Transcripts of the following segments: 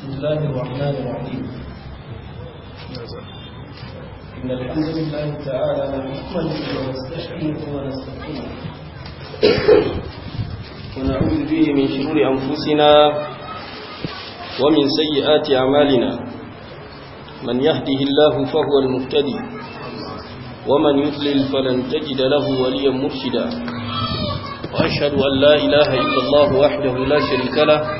بسم الله الرحمن الرحيم إن الحمد لله تعالى نحمده ونستشهده ونستغفره ونعوذ به من شرور أنفسنا ومن سيئات أعمالنا من يهده الله فهو المهتدي ومن يضلل فلن تجد له وليا مرشدا وأشهد أن لا إله إلا الله وحده لا شريك له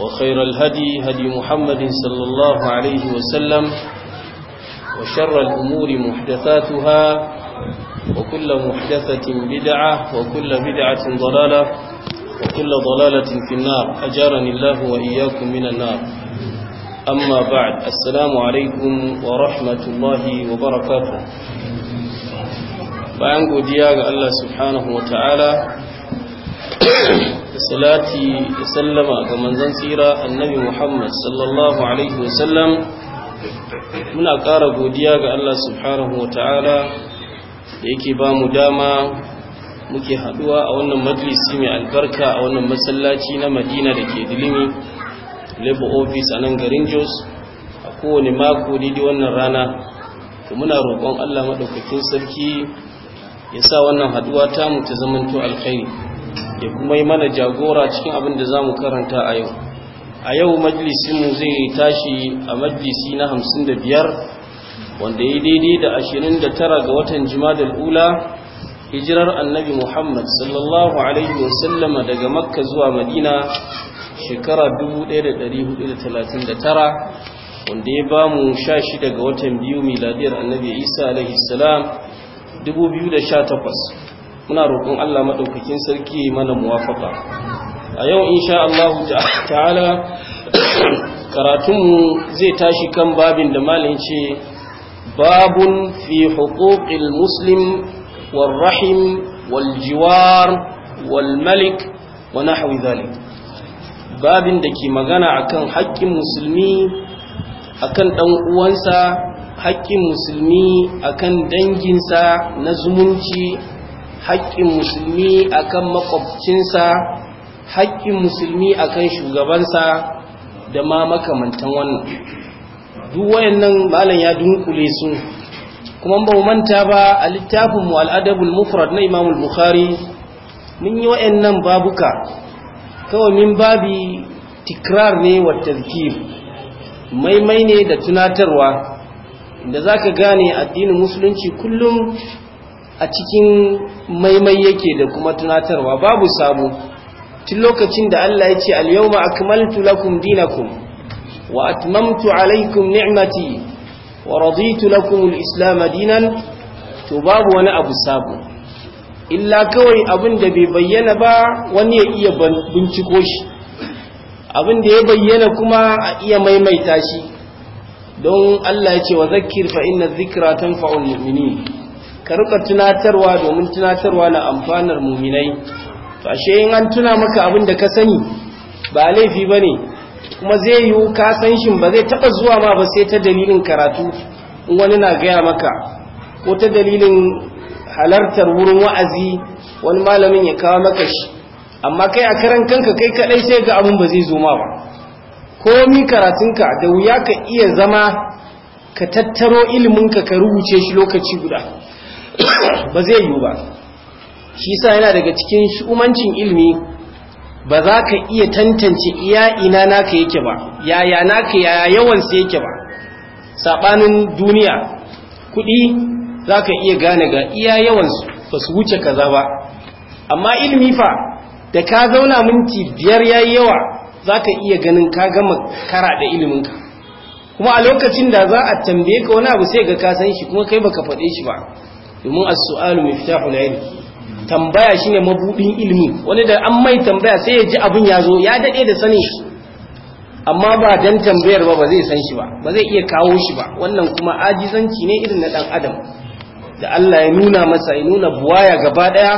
وخير الهدي هدي محمد صلى الله عليه وسلم وشر الأمور محدثاتها وكل محدثة بدعة وكل بدعة ضلالة وكل ضلالة في النار أجارني الله وإياكم من النار أما بعد السلام عليكم ورحمة الله وبركاته فأنقو دياغ الله سبحانه وتعالى salati da sallama ga manzon tsira annabi Muhammad sallallahu alaihi wasallam muna ƙara godiya ga Allah subhanahu ta'ala da yake ba mu dama muke haduwa a wannan majalisi mai albarka a wannan masallaci na Madina da ke Dilimi Labor Office a nan garin Jos a kowane mako daidai wannan rana to muna roƙon Allah maɗaukakin sarki ya sa wannan haduwa tamu ta zamanto alkhairi ya kuma yi mana jagora cikin abin da za mu karanta a yau a yau majalisinmu zai tashi a majalisi na hamsin da biyar wanda ya daidai da ashirin da tara ga watan jimadar ula hijirar annabi muhammad sallallahu alaihi wasallama daga makka zuwa madina shekara 1439 wanda ya ba mu sha shida ga watan biyu miladiyar annabi isa alaihi salam 2018 muna roƙon Allah maɗaukakin sarki mana muwafaka a yau insha Allah ta'ala karatunmu zai tashi kan babin da malin ce babun fi hukukil muslim wal rahim wal jiwar wal malik wa babin da ke magana akan haƙƙin musulmi akan ɗan uwansa haƙƙin musulmi akan danginsa na zumunci haƙƙin musulmi a kan makwabcinsa haƙƙin musulmi a kan shugabansa da ma makamantan wannan duk wayannan malam ya dunkule su kuma ba mu manta ba a littafin mu al'adabul mufrad na imamul bukhari mun yi wa'yan nan babuka kawai min babi tikrar ne wa tazkir maimai ne da tunatarwa da zaka gane addinin musulunci kullum a cikin maimai yake da kuma tunatarwa babu sabo tun lokacin da Allah ya ce al-yawma akmaltu lakum dinakum wa atmamtu alaykum ni'mati wa raditu lakum al-islam dinan to babu wani abu sabo illa kawai abin da bai bayyana ba wani ya iya binciko shi abin da ya bayyana kuma a iya maimaita shi don Allah ya ce wa zakkir fa inna dhikra tanfa'ul mu'minin ka rika tunatarwa domin tunatarwa na amfanar muminai to ashe in an tuna maka abin da ka sani ba laifi ba ne kuma zai yi ka san shin ba zai taba zuwa ma ba sai ta dalilin karatu in wani na gaya maka ko ta dalilin halartar wurin wa'azi wani malamin ya kawo maka shi amma kai a karan kanka kai kaɗai sai ga abin ba zai zo ma ba komi karatunka da wuya ka iya zama ka tattaro iliminka ka rubuce shi lokaci guda ba zai yiwu ba shi sa yana daga cikin umancin ilmi ba za ka iya tantance iya ina naka yake ba yaya naka yaya su yake ba saɓanin duniya kuɗi za ka iya gane ga iya su ba su wuce kaza ba amma ilmi fa da ka zauna minti biyar yayi yawa za ka iya ganin ka gama kara da iliminka kuma a lokacin da za a tambaye ka wani abu sai ga kasan shi kuma kai baka faɗe shi ba domin a sualu miftahul ilm tambaya shine mabuɗin ilimi wani da an mai tambaya sai ya ji abin ya zo ya daɗe da sani. amma ba dan tambayar ba ba zai san shi ba ba zai iya kawo shi ba wannan kuma ajizanci ne irin na ɗan adam da Allah ya nuna masa ya nuna buwaya gaba ɗaya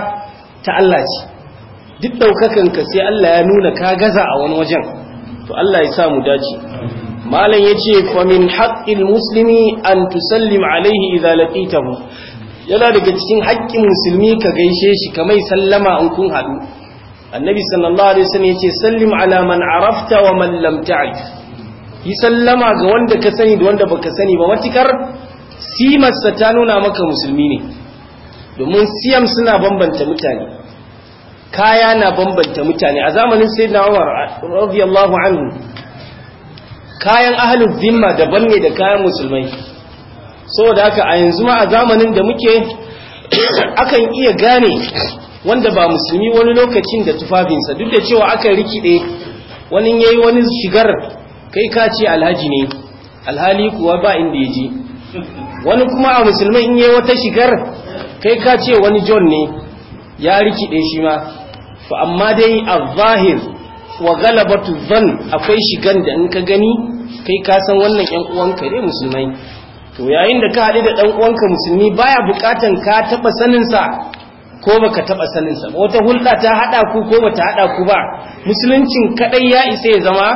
ta Allah ce duk daukakan ka sai Allah ya nuna ka gaza a wani wajen to Allah ya sa mu dace malam ce fa min haqqil muslimi an tusallim alaihi idza laqitahu yana daga cikin haƙƙin musulmi ka gaishe shi ka mai sallama in kun haɗu annabi sallallahu alaihi wasallam yace sallim ala man arafta wa man lam ta'rif yi sallama ga wanda ka sani da wanda baka sani ba matikar simarsa ta nuna maka musulmi ne domin siyam suna bambanta mutane kaya na bambanta mutane a zamanin sayyidina Umar radiyallahu anhu kayan ahlul zimma daban ne da kayan musulmai saboda haka a yanzu ma a zamanin da muke akan iya gane wanda ba musulmi wani lokacin da tufafinsa duk da cewa aka rikide wani yayi wani shigar kai ka ce alhaji ne alhali kuwa ba inda ya ji wani kuma a musulmi in yayi wata shigar kai ka ce wani john ne ya rikide shi ma fa amma dai a zahir wa galabatu zan akwai shigan da in ka gani kai ka san wannan yan uwanka ne musulmai to yayin da ka haɗu da ɗan uwanka musulmi baya buƙatan ka taɓa saninsa ko baka taɓa saninsa ba wata hulɗa ta haɗa ku ko bata haɗa ku ba musuluncin kaɗai ya isa ya zama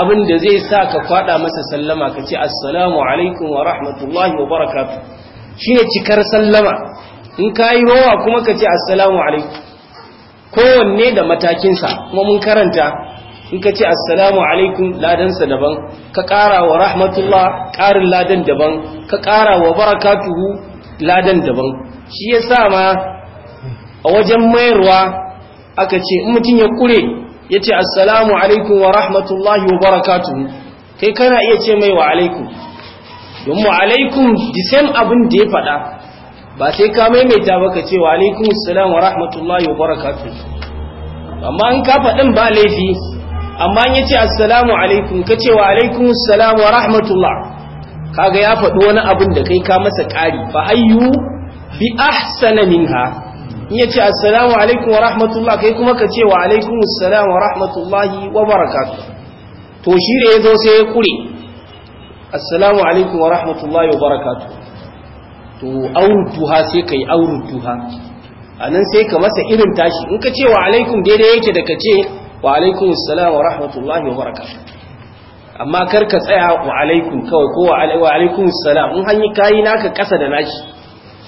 abin da zai sa ka kwaɗa masa sallama ka ce assalamu alaikum wa rahmatullahi wa barakatu Shi ne cikar sallama in ka yi rowa kuma ka ce assalamu alaikum kowanne da matakinsa kuma mun karanta in ka ce assalamu alaikum ladansa daban ka kara wa rahmatullah karin ladan daban ka kara wa barakatuhu ladan daban shi ya sa ma a wajen mayarwa aka ce in mutum ya kure ya ce assalamu alaikum wa rahmatullahi wa barakatuhu kai kana iya ce mai wa alaikum don wa alaikum the same abin da ya faɗa ba sai ka maimaita ba ka ce wa alaikum assalam wa rahmatullahi wa barakatuhu amma in ka faɗin ba laifi amma in yace assalamu alaikum ka ce wa alaikum assalam wa rahmatullah kaga ya faɗi wani abin da kai ka masa ƙari fa ayyu bi ahsana minha in ce assalamu alaikum wa rahmatullah kai kuma ka ce wa alaikum assalam wa rahmatullahi wa barakatu. to shi da zo sai ya kure assalamu alaikum wa rahmatullahi wa barakatu. to tuha sai kai a anan sai ka masa irin tashi in ka ce wa alaikum daidai yake da ka ce wa alaikum assalam wa rahmatullahi wa barakatuh amma kar ka tsaya wa alaikum kawai ko wa alaikum assalam in hanyi kayi naka kasa da nashi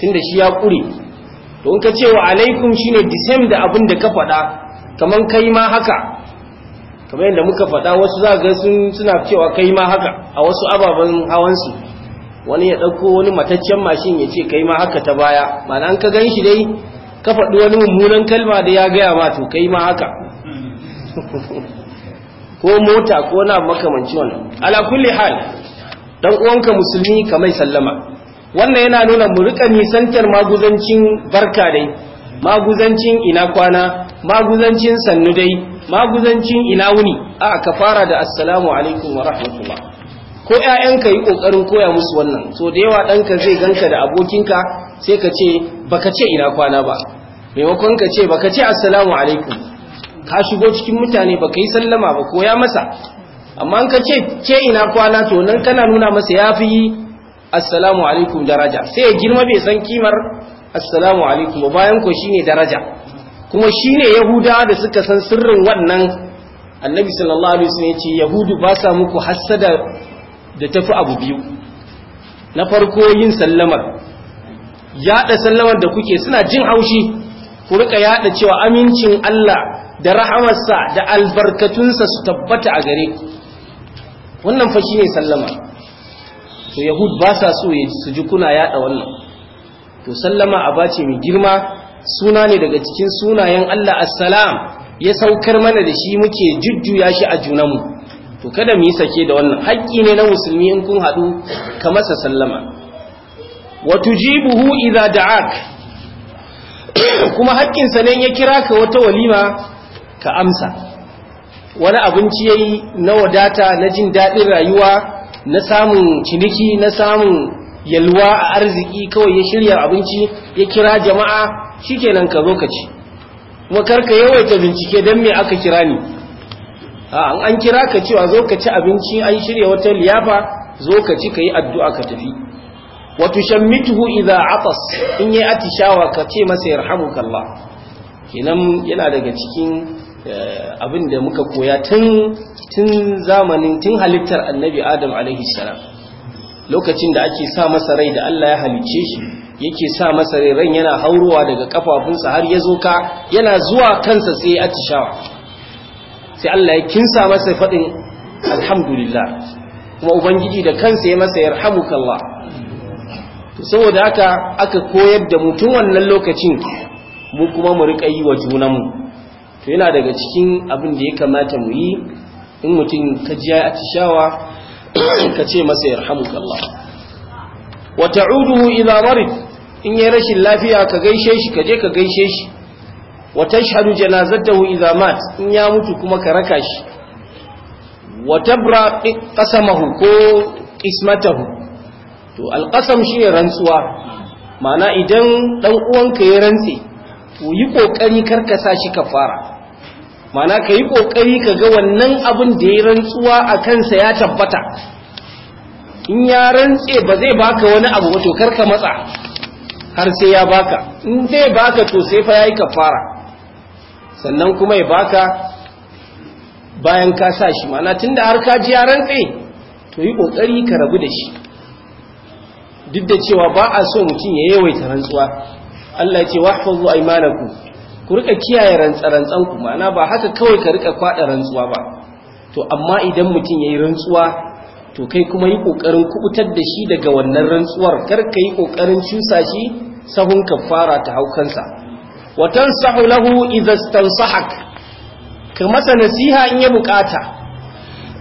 tunda shi ya kure to in ka ce wa alaikum shine disem da abin da ka faɗa kaman kai ma haka kamar yadda muka faɗa wasu za ga sun suna cewa kai ma haka a wasu ababen hawansu, su wani ya ɗauko wani mataccen mashin ya ce kai ma haka ta baya ma'ana an ka gan shi dai ka faɗi wani mummunan kalma da ya gaya ma to kai ma haka ko mota ko na makamanci wannan ala kulli hal dan uwanka musulmi kamar sallama wannan yana nuna mu rika nisantar maguzancin barka dai maguzancin ina kwana maguzancin sannu dai maguzancin ina wuni a ka fara da assalamu alaikum wa rahmatullah ko ƴaƴanka yi kokarin koya musu wannan so da yawa danka zai ganka da abokinka sai ka ce baka ce ina kwana ba maimakon ka ce baka ce assalamu alaikum ka shigo cikin mutane ba ka yi sallama ba ko ya masa amma an ka ce ke ina kwana to nan kana nuna masa ya fi assalamu alaikum daraja sai ya girma bai san kimar assalamu alaikum ba bayan ko shine daraja kuma shine Yahuda da suka san sirrin wannan annabi sallallahu alaihi wasallam yace yahudu ba sa muku hassada da tafi abu biyu na farko yin sallamar yada sallamar da kuke suna jin haushi ku rika yada cewa amincin Allah da rahamarsa da albarkatunsa su tabbata a gare wannan fashi ne sallama to yahud ba sa so ya su ji kuna yada wannan to sallama a bace mai girma suna ne daga cikin sunayen Allah assalam ya saukar mana da shi muke jujjuya shi a junanmu to kada mu yi sake da wannan haƙƙi ne na musulmi in kun haɗu ka masa sallama wa tujibuhu idza da'ak kuma haƙƙinsa ne ya kira ka wata walima ka amsa wani abinci yayi na wadata na jin daɗin rayuwa na samun ciniki na samun yalwa a arziki kawai ya shirya abinci ya kira jama'a shikenan ka zo ka ci kuma karka yawaita bincike don me aka kira ni an kira ka cewa zo ka ci abinci an shirya wata liyafa zo ka ci ka yi addu'a ka tafi wato shammituhu idza atas in yi atishawa ka ce masa yarhamukallah kenan yana daga cikin Eh, abin da muka koya tun zamanin tun halittar annabi adam alaihi salam lokacin da ake sa masa rai da Allah ya halicce shi yake sa masa rai ran yana haurowa daga kafafunsa har ya zo ka yana zuwa kansa sai ya atishawa sai Allah ya kinsa masa faɗin alhamdulillah kuma ubangiji da kansa ya masa yarhamukallah to saboda haka aka koyar da mutum wannan lokacin mu kuma mu riƙa yi wa junanmu to yana daga cikin abin da ya kamata mu yi in mutum ka ji ya atishawa ka ce masa ya yarhamukallah wa ta'uduhu ila marid in yayi rashin lafiya ka gaishe shi ka je ka gaishe shi wa tashhadu janazatahu idha mat in ya mutu kuma ka raka shi wa tabra qasamahu ko ismatahu to alqasam ne rantsuwa ma'ana idan dan uwanka ya rantsi to yi kokari karkasa shi kafara mana ka yi ƙoƙari ka ga wannan abin da ya rantsuwa a kansa ya tabbata in ya rantse ba zai baka wani abu ba to ka matsa har sai ya baka in zai baka to sai fa yayi kafara sannan kuma ya baka bayan ka sa shi ma'ana tunda har ka ji ya rantse to yi kokari ka rabu da shi duk da cewa ba a so mutum ya yawaita rantsuwa Allah ya ce wahfazu aymanakum ku rika kiyaye rantsarantsan rantsan ku ma'ana ba haka kawai ka rika kwada rantsuwa ba to amma idan mutum yayi rantsuwa to kai kuma yi kokarin kubutar da shi daga wannan rantsuwar kar ka yi kokarin cusa shi sahun kafara ta haukansa wa tansahu lahu idza sahak. ka masa nasiha in ya bukata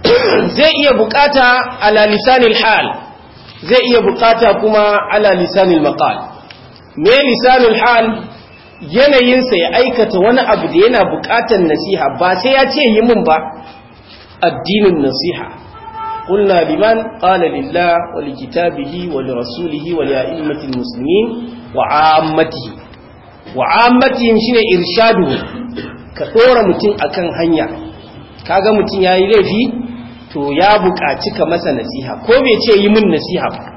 zai iya bukata ala lisanil hal zai iya bukata kuma ala lisanil maqal me lisanil hal yanayinsa ya aikata wani abu da yana buƙatan nasiha ba sai ya ce yi min ba addinin nasiha qulna liman qala lillah wa likitabihi wa lirasulihi wa li'immatil muslimin wa 'ammatihi wa 'ammatihim shine irshadu ka ɗora mutum akan hanya kaga mutum yayi laifi to ya buƙaci ka masa nasiha ko bai ce yi mun nasiha ba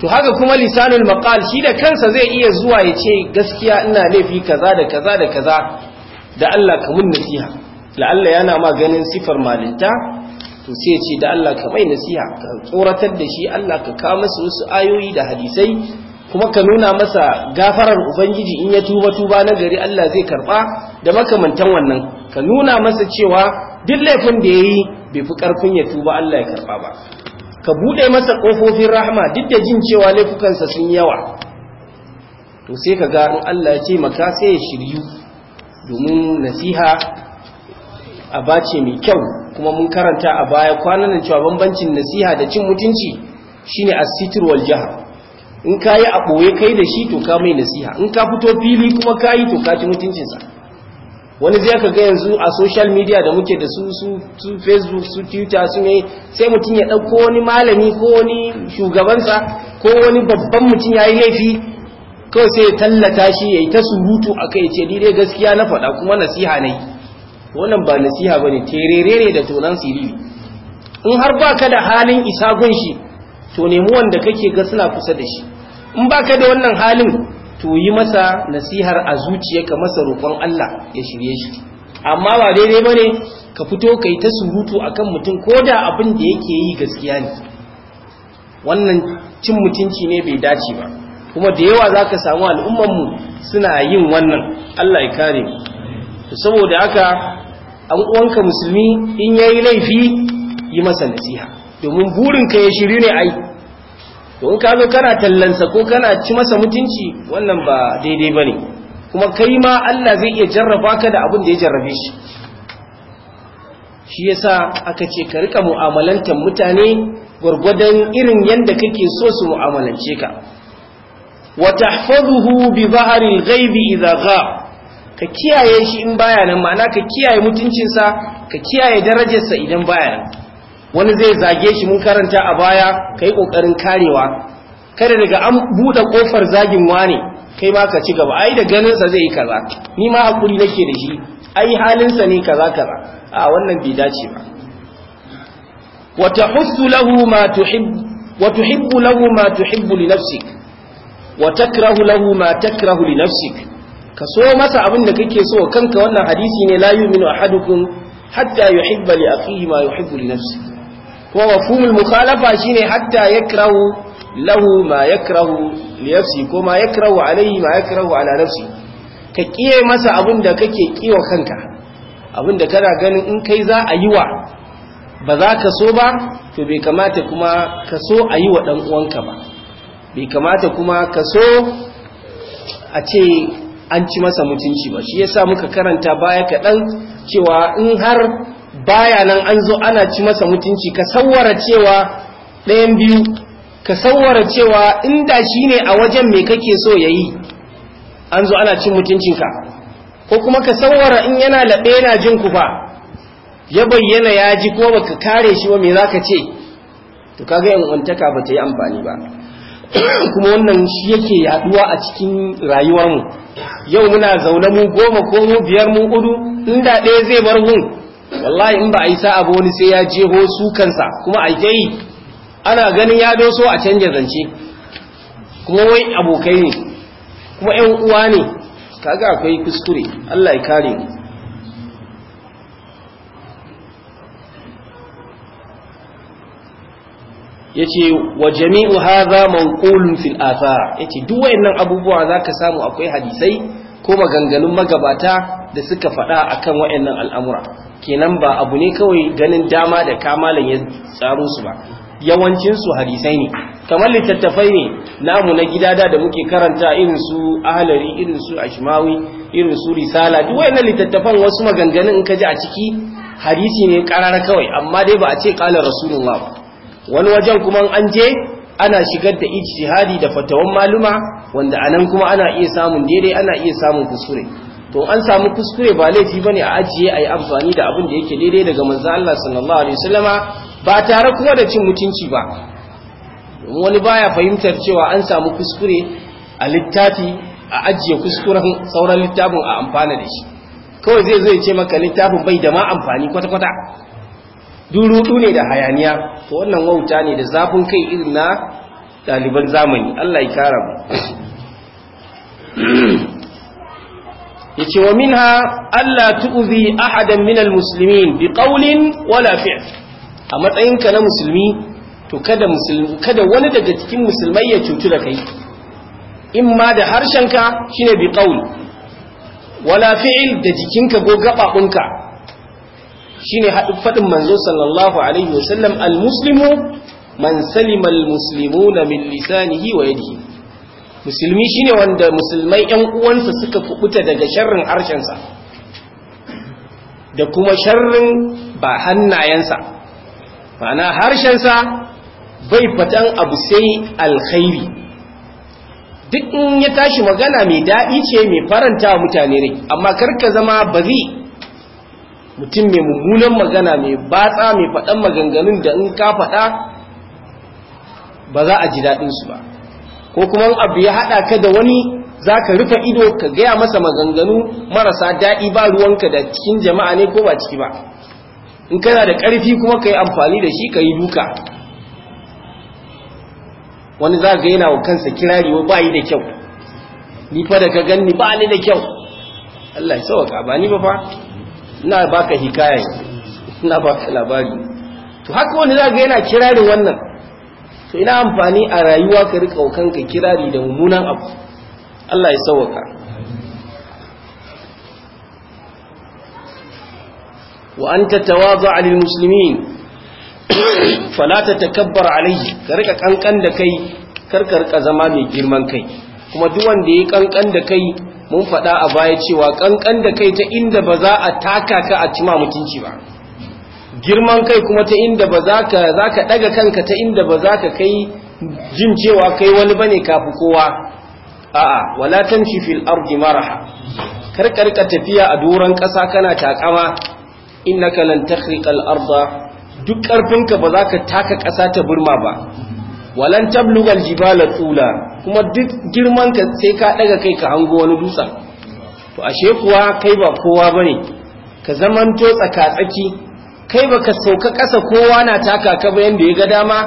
to haka kuma lisanul maqal shi da kansa zai iya zuwa ya ce gaskiya ina laifi kaza da kaza da kaza da Allah ka mun nasiha la Allah yana ma ganin sifar malinta to sai ce da Allah ka mai nasiha ka tsoratar da shi Allah ka kawo masa wasu ayoyi da hadisai kuma ka nuna masa gafarar ubangiji in ya tuba tuba na gari Allah zai karba da makamantan wannan ka nuna masa cewa duk laifin da yayi bai fi karfin ya tuba Allah ya karba ba ka buɗe masa kofofin rahama duk da jin cewa laifukansa sun yawa to sai ka ga in Allah ya ce maka sai ya shiryu domin nasiha a bace mai kyau kuma mun karanta a baya kwanan cewa bambancin nasiha da cin mutunci shine asitir wal jahr in a boye kai da shi to ka mai nasiha in ka fito fili kuma kayi to ka ci mutuncinsa wani zai ka ga yanzu a social media da muke da su su facebook su twitter su ne sai mutum ya ɗauko wani malami ko wani shugabansa ko wani babban mutum ya yi laifi kawai sai ya tallata shi ya yi ta surutu a kai ce dai gaskiya na faɗa kuma nasiha ne wannan ba nasiha ba ne terere ne da tonan siriri in har ba ka da halin isa gun shi to nemi wanda kake ga suna kusa da shi in ba ka da wannan halin to yi masa nasihar a zuciya ka masa roƙon Allah ya shirye shi amma ba daidai bane ka fito kai ta surutu akan mutum ko da abin da yake yi gaskiya ne wannan cin mutunci ne bai dace ba kuma da yawa zaka samu al'umman mu suna yin wannan Allah ya kare mu saboda haka an uwanka musulmi in yayi laifi yi masa nasiha domin burinka ya shiri ne ai to in ka zo kana tallansa ko kana ci masa mutunci wannan ba daidai ba ne kuma kai ma Allah zai iya jarraba ka da abin da ya jarrabe shi shi yasa aka ce ka rika mu'amalantar mutane gwargwadon irin yadda kake so su mu'amalance ka wa tahfazuhu bi zahril ghaibi idza gha ka kiyaye shi in baya nan ma'ana ka kiyaye mutuncinsa ka kiyaye darajarsa idan baya nan wani zai zage shi mun karanta a baya ka yi ƙoƙarin karewa kada daga an buɗe ƙofar zagin wane kai ma ka ci gaba ai da ganin sa zai yi kaza ni ma hakuri nake da shi ai sa ne kaza kaza a wannan bai dace ba wa tahussu lahu ma tuhibbu wa tuhibbu lahu ma tuhibbu li nafsik wa takrahu lahu ma takrahu li nafsik ka so masa abin da kake so kanka wannan hadisi ne la yu'minu ahadukum hatta yuhibba li akhihi ma yuhibbu li nafsihi kuma mafumul mukhalafa shine hatta yakrahu lahu ma yakrahu li nafsi ko ma yakrahu alayhi ma yakrahu ala nafsi ka kiye masa abin da kake kiwa kanka abin da kana ganin in kai za a yi wa ba za ka so ba to bai kamata kuma ka so a yi wa dan uwanka ba bai kamata kuma ka so a ce an ci masa mutunci ba shi yasa muka karanta baya kaɗan cewa in har baya nan an zo ana ci masa mutunci ka sawwara cewa ɗayan biyu ka sawwara cewa inda shi ne a wajen mai kake so ya yi an zo ana cin mutuncinka ko kuma ka sawwara in yana laɓe yana jin ku kufa ya bayyana ya ji ko baka kare shi wa me za ka ce to kaga ga wantaka ba ta yi amfani ba kuma wannan shi yake yaduwa a cikin rayuwarmu yau muna zaune mu goma ko mu biyar mu hudu inda ɗaya zai bar hun wallahi in ba a yi sa'a wani sai ya jeho su kansa kuma a yi ana ganin ya doso a canja zance kuma wai abokai ne kuma 'yan uwa ne kaga akwai kuskure Allah ya kare mu yace wa jami'u hadha manqulun fil athar yace duk wayannan abubuwa zaka samu akwai hadisai ko maganganun magabata da suka faɗa akan wayannan al'amura kenan ba abu ne kawai ganin dama da kamalan ya tsaro su ba yawancinsu hadisai ne kamar littattafai ne namu na gida da muke karanta irin su ahalari irin su ashimawi irin su risala duk wayannan littattafan wasu maganganu in ka ji a ciki hadisi ne karara kawai amma dai ba a ce qala rasulullah ba wani wajen kuma an je ana shigar da ijtihadi da fatawan maluma wanda anan kuma ana iya samun daidai ana iya samun kusure to an samu kuskure ba laifi ba ne a ajiye a yi amfani da abin da yake daidai daga manzan Allah sallallahu alaihi wasallama ba tare kuma da cin mutunci ba wani baya fahimtar cewa an samu kuskure a littafi a ajiye kuskuren sauran littafin a amfana da shi kawai zai zo ya ce maka littafin bai da ma amfani kwata-kwata durudu ne da hayaniya to wannan wauta ne da zafin kai irin na ɗaliban zamani Allah ya kara mu yace wa minha alla tu'zi ahadan minal muslimin bi qawlin wala fi'l a matsayinka na musulmi to kada musulmi kada wani daga cikin musulmai ya cutu da kai imma da harshen ka shine bi qawl wala fi'l da jikinka ko gababunka shine fadin manzo sallallahu alaihi wasallam al muslimu man salima muslimuna min lisanihi wa yadihi musulmi shine wanda musulmai yan uwansa suka kubuta daga sharrin harshensa da kuma sharrin ba hannayensa ma'ana harshensa bai fatan abu sai alkhairi duk in ya tashi magana mai daɗi ce mai faranta mutane ne amma karka zama ba bari mutum mai mummunan magana mai batsa mai faɗan maganganun da in ka faɗa ba za a ji daɗinsu ba ko kuma abu ya haɗa ka da wani za ka rufe ido ka gaya masa maganganu marasa daɗi ba ruwanka da cikin jama'a ne ko ba ciki ba in kana da ƙarfi kuma ka yi amfani da shi ka yi duka wani za ka yana wa kansa kirari ba yi da kyau ni fa da ka ganni ba ni da kyau Allah ya sauka ba ni ba fa ina baka hikaya ina baka labari to haka wani za ka yana kirarin wannan to ina amfani a rayuwa ka rika kanka kirari da mummunan abu Allah ya sauwaka wa anta tawadha lil musulmin fala tatakabbar alayhi ka rika kankan da kai karka rika zama mai girman kai kuma duk wanda ya kankan da kai mun faɗa a baya cewa kankan da kai ta inda ba za a taka ka a cima mutunci ba girman kai kuma ta inda ba za ka daga kanka ta inda ba za ka kai jin cewa kai wani bane kafi kowa a'a wala tamshi fil ardi maraha karkarka tafiya a doron kasa kana takama innaka lan takhriqal arda duk karfinka ba za ka taka kasa ta burma ba walan tablugal jibala tula kuma duk girman sai ka daga kai ka hango wani dutsen to ashe kuwa kai ba kowa bane ka zamanto tsaka tsaki kai baka sauka ƙasa kowa na taka ka ba yanda ya ga dama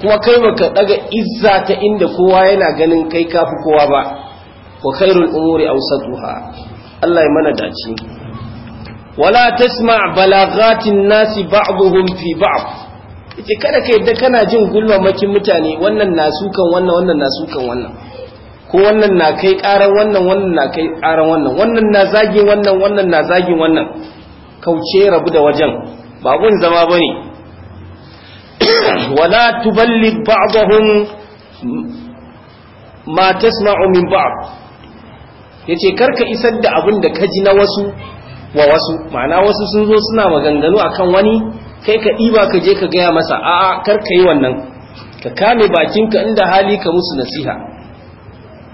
kuma kai baka daga izza ta inda kowa yana ganin kai kafi kowa ba wa khairul umuri awsatuha Allah ya mana dace wala tasma' balagatin nasi ba'dhum fi ba'd ita kada ka yadda kana jin gulmamakin mutane wannan na sukan wannan wannan na sukan wannan ko wannan na kai karan wannan wannan na kai karan wannan wannan na zagin wannan wannan na zagin wannan kauce rabu da wajen ba gun zama ba ne wala tuballi ba'dahum ma tasma'u min ba'd yace karka isar da abin da ka ji na wasu wa wasu ma'ana wasu sun zo suna maganganu akan wani kai ka ɗiba ka je ka gaya masa a'a karka yi wannan ka kame bakinka inda hali ka musu nasiha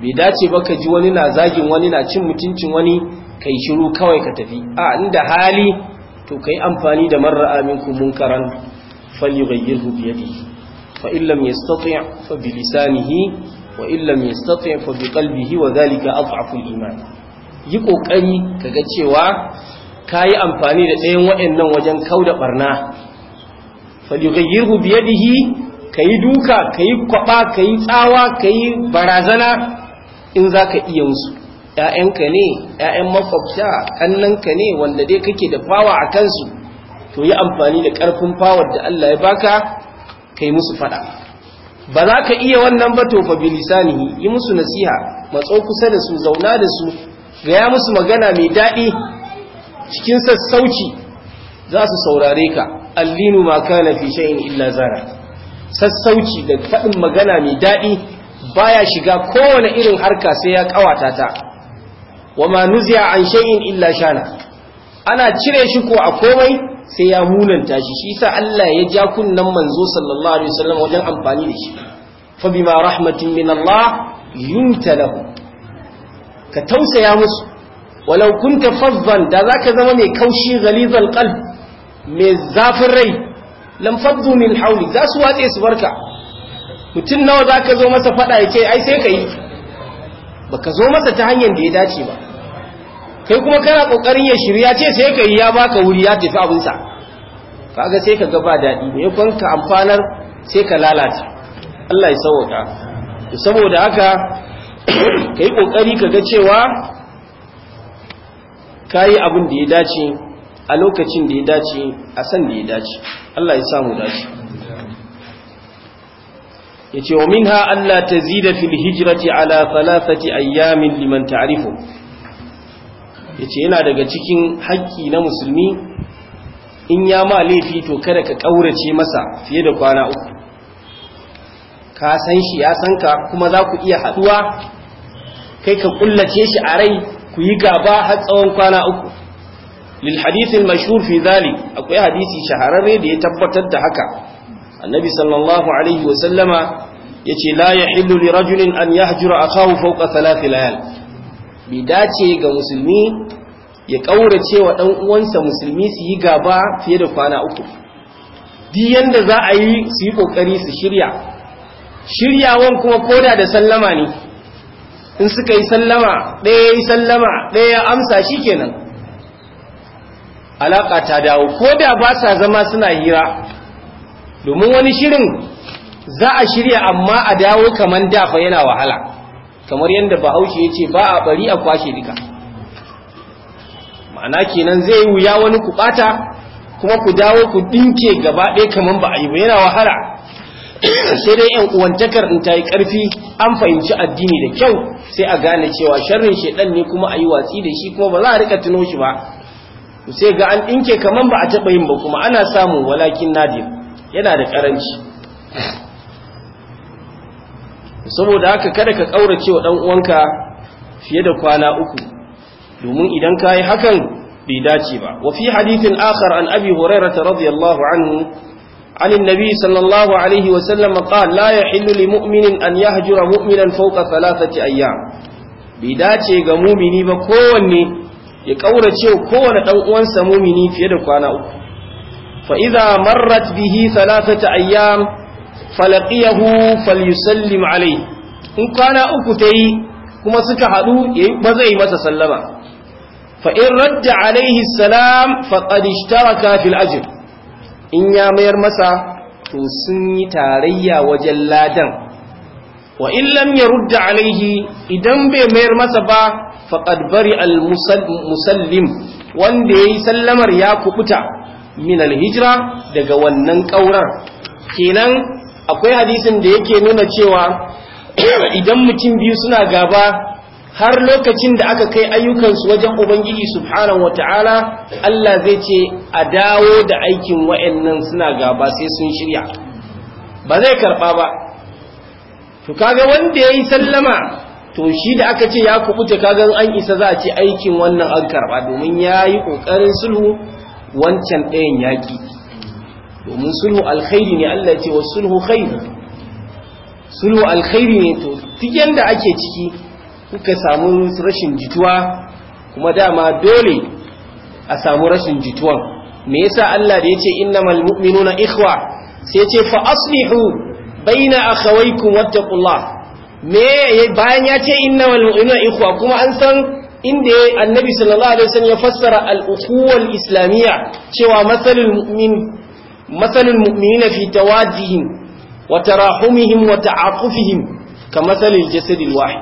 bai dace ba ka ji wani na zagin wani na cin mutuncin wani kai shiru kawai ka tafi a inda hali to kai amfani da marar aminku munkaran fali bi yadihi fa in lam yastati' fa bi lisanihi wa in lam yastati' fa bi qalbihi wa dhalika adhafu iman yi kokari kaga cewa kayi amfani da ɗayan waɗannan wajen kauda barna falyughayyirhu bi ka kayi duka kayi ka kayi tsawa kayi barazana in zaka iya musu ‘ya'yanka ne ‘ya'yan mafafsha, ƙannanka ne wanda dai kake da fawa a kansu to yi amfani da ƙarfin fawar da Allah ya baka kai musu faɗa ba za ka iya wannan ba to fa bilisanihi yi musu nasiha matso kusa da su zauna da su gaya musu magana mai daɗi cikin sassauci za su saurare ka allinu ma kana fi shay'in illa zara sassauci da faɗin magana mai daɗi baya shiga kowane irin harka sai ya kawata ta wa ma nuziya an shay'in illa shana ana cire shi ko a komai sai ya munanta shi shi sa Allah ya ja kunnan manzo sallallahu alaihi wasallam wajen amfani da shi fa bima rahmatin min Allah yunta lahu ka tausaya musu walau kunta fazzan da zaka zama mai kaushi ghalizal qalb mai zafin rai lam faddu min za su watse su barka mutum nawa zaka zo masa fada ce ai sai yi. baka zo masa ta hanyar da ya dace ba kai kuma kana kokarin ya shirya ce sai yi ya baka wuri ya tafi abinsa kaga sai ka ga ba dadi ne kun ka amfanar sai ka lalata Allah ya sauka to saboda haka kai kokari ka ga cewa kai abin da ya dace a lokacin da ya dace a san da ya dace Allah ya samu dace yace wa minha alla tazida fil hijrati ala thalathati ayyamin liman ta'rifu yace yana daga cikin haƙƙi na musulmi in ya ma laifi to kada ka kaurace masa fiye da kwana uku ka san shi ya san ka kuma za ku iya haduwa kai ka kullace shi a rai ku yi gaba har tsawon kwana uku lil hadith al mashhur fi akwai hadisi shahararre da ya tabbatar da haka annabi sallallahu alaihi wasallama yace la yahillu li rajulin an yahjura akahu fawqa thalath layal bi dace ga musulmi ya kaurace wa dan uwansa musulmi su yi gaba fiye da kwana uku di yanda za a yi su yi kokari su shirya shiryawan kuma koda da sallama ne in suka yi sallama ɗaya yi sallama ɗaya ya amsa shi kenan Alaƙa ta dawo koda ba sa zama suna hira domin wani shirin za a shirya amma a dawo kamar dafa yana wahala kamar yadda bahaushe ya ce ba a bari a kwashe duka ma'ana kenan zai yi wuya wani ku bata kuma ku dawo ku dinke gaba ɗaya kamar ba a yi ba yana wahala sai dai yan uwantakar in ta yi ƙarfi an fahimci addini da kyau sai a gane cewa sharrin shaidan ne kuma a yi watsi da shi kuma ba za a rika tuno shi ba sai ga an dinke kamar ba a taɓa yin ba kuma ana samun walakin nadir yana da karanci saboda haka kada ka kaurace wa dan uwanka fiye da kwana uku domin idan kai hakan bai dace ba wa fi hadithin akhar an abi hurairah radiyallahu anhu عن النبي صلى الله عليه وسلم قال لا يحل لمؤمن أن يهجر مؤمنا فوق ثلاثة bai dace ga mumini ba kowanne ya kaurace kowanne dan uwansa mumini fiye da kwana uku فإذا مرت به ثلاثة أيام فلقيه فليسلم عليه إن كان أكتي كما سكحدو يبزعي مسا سلما فإن رد عليه السلام فقد اشترك في الأجر إن يامير مسا تسني تاريا وجلادا وإن لم يرد عليه إذن بمير مسا با فقد برئ المسلم وان دي سلمر يا كبتا min alhijira daga wannan ƙaurar kenan akwai hadisin da yake nuna cewa idan mutum biyu suna gaba har lokacin da aka kai ayyukansu wajen ubangiji subhanahu wata'ala Allah zai ce a dawo da aikin wa'annan suna gaba sai sun shirya ba zai karɓa ba to kaga wanda ya yi sallama to shi da aka ce ya kubuta kaga an isa za a ce aikin wannan an karba domin ya yi ƙoƙarin sulhu wancan ɗayan yaƙi domin sulhu alkhairi ne Allah ce wa sulhu khairi sulhu alkhairi ne to duk yanda ake ciki kuka samu rashin jituwa kuma dama dole a samu rashin jituwan me yasa Allah da yace innamal mu'minuna ikhwa sai yace fa aslihu baina akhawaykum wattaqullah me bayan yace innamal mu'minuna ikhwa kuma an san inda annabi sallallahu alaihi wasallam ya fassara al-ukhuwal islamiyya cewa masalul mu'min masalul mu'minina fi tawadihim wa tarahumihim wa ta'aqufihim kamasalil jasadil wahid